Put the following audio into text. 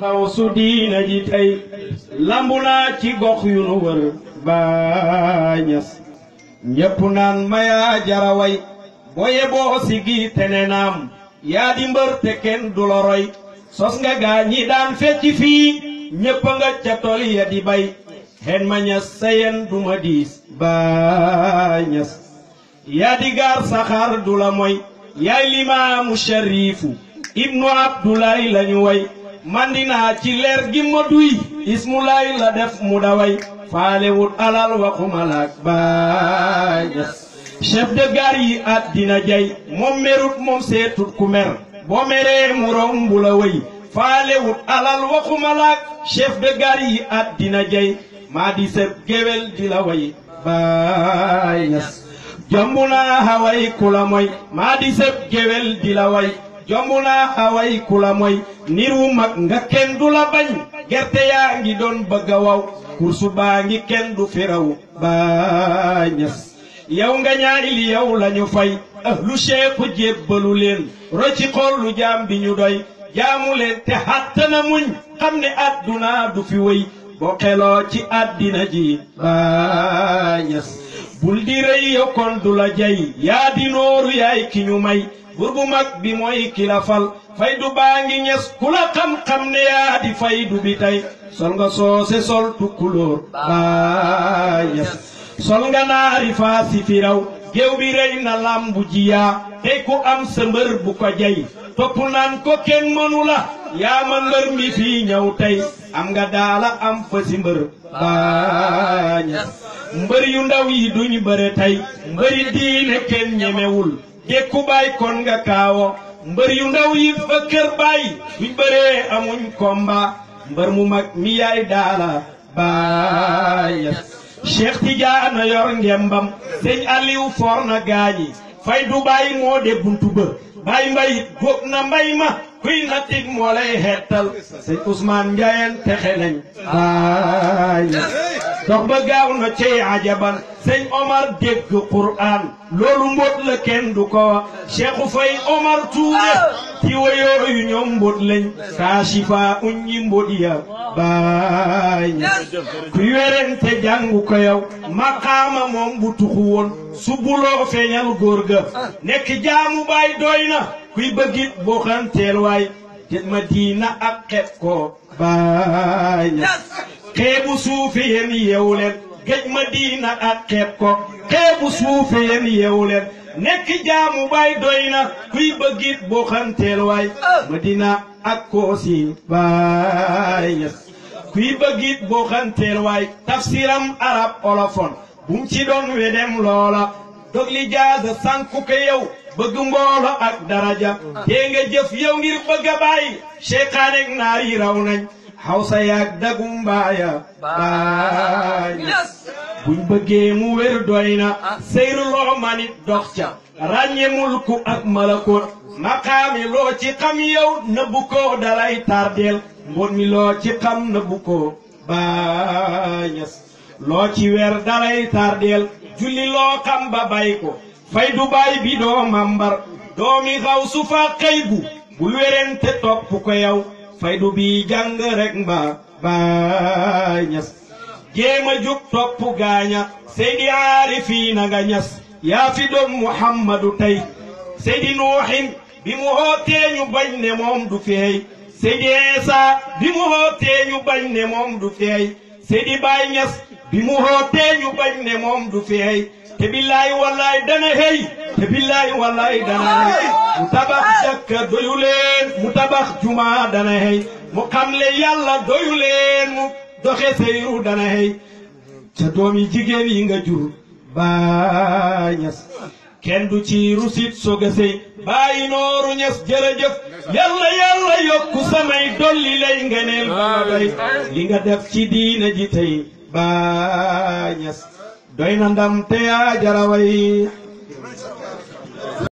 xaw su diina ji tey lambu naa ci gox yu nu wër baañas ñépp naan mayaa jaraway boye boo sigi tene naam yaa di mbër te kenn du la roy sos nga gaa ñi daan fecc fii ñépp nga ca tol ya di bay xen ma ñas sa yen du ma diis baañas yaa di gaar saxaar du la moy yaay limaamu shariifu ibnu abdulaay lañu way mandina ci leer gi ma duy ismulaay la def mu daway faale wut alal waxumalaak baay chef de gare yi at dina jay mom merut mom setut ku mer bo mere mu romb la wëy faale wut alal waxumalaak chef de gare yi at dina jay ma di seb gewel di la way baay jomb naa haway kula moy ma di seb gewel di la way jomb naa away ku la moy niru mag nga kenn du la bañ gerte yaa ngi doon bëgg a waw kursu baa ngi kenn du firaw baa ñas yow nga ñaari li yow la ñu fay ahlu cheikhu jébbalu leen roci xool lu jaam bi ñu doy jaamu te xàttana muñ xam ne àdduna du fi wéy boo xeloo ci àddina ji baa ñas bul di rëy yow du la jay yaa di nooru yaay ki ñu may buur mag bi mooy kilafal faydu baa ngi ñes ku la xam-xam ne yaa di faydu bi tey sol nga soose sol tukkulóor baa ñes sol nga naari faasi firaw géew bi rey na làmbu jiyaa tey ku am sa bu ko jey topp naan ko kenn mënu yaa ma mbër mi fii ñëw tey am nga daala am fa si mbër baa ñes mbër yu ndaw yi duñ bëre tey mbëri diine kenn ñemewul dékku baay kon nga kaawo mbër yu ndaw yi fa kër baay buñ bëree amuñ komba mbër mu mag mi yaay daala baay Cheikh Tidiane yor ngembam sëñ Aliou for na gaañi fay du baay moo de buntu baay mbay góob na mbay ma kuy natig moo lay xeetal sëñ Ousmane Ndiaye texe nañ ay dox ba gaaw na cey ajaban sëñ Omar dégg Qur'an loolu mbóot la kenn du ko wax Cheikh Fay Omar Touré ci wayoo yu ñoom mbóot lañ kaashifa uñ ñi mbóot ya baay kuy werente jàngu ko yow maqaama moom bu subuloo feeñal góor ga nekk jaamu baay doy kuy bëggit buuxanteel waay te Madina ak xeeb ko baañ xeebu suufi yéen yeewu leen géej Madina ak xeeb ko xeebu suufi suuf yeewu leen nekk jaamu baay doy na kuy bëggit buuxanteel waay oh. Madina ak koosi baañ kuy bëggit buuxanteel waay tafsiram arab olofon bum ci doon wedem loola toog li jaasa sànku ko yow bëgg mboolo ak daraja tee nga jëf yow ngir bëgg a bàyyi seytaane yi raw nañ xawsa yaag dagum mbaaya baay buñ bëggee mu wér doy na ah. seyru loo manit dox ca ràññe mulku ak malakut maqaami loo ci xam yow nëbbu ko dalay tardeel mbon mi loo ci xam nëbbu ko baañas loo ci weer dalay tardeel julli loo xam ba ko fay du bay bi doo mambar doomi xaw su fa xëybu bul werente topp ko yow fay du bi jàng rek mba baay ñas jéem a topp gaaña seydi aarifiina nga ñas yaa fi doon muhammadu tey seydi nuuxin bi mu hootee ñu bañ ne moom du feey seydi eesa bi mu hootee ñu bañ ne moom du feey seydi baay ñas bi mu xootee ñu bañ ne moom du feey te billaay wallaay dana xëy te billaay wallaay dana xëy mu tabax jàkka doyu leen mu tabax juma dana xëy mu xam le yàlla doyu leen mu doxe seyru dana xëy ca doomi jigéen yi nga jur baay ñas kenn du ci rusit soog a sëy bàyyi ñes jërëjëf yàlla yàlla yokku samay dolli lay ngeneen ba bay li nga def ci diina ji tey baa ñas doy na ndam te yaa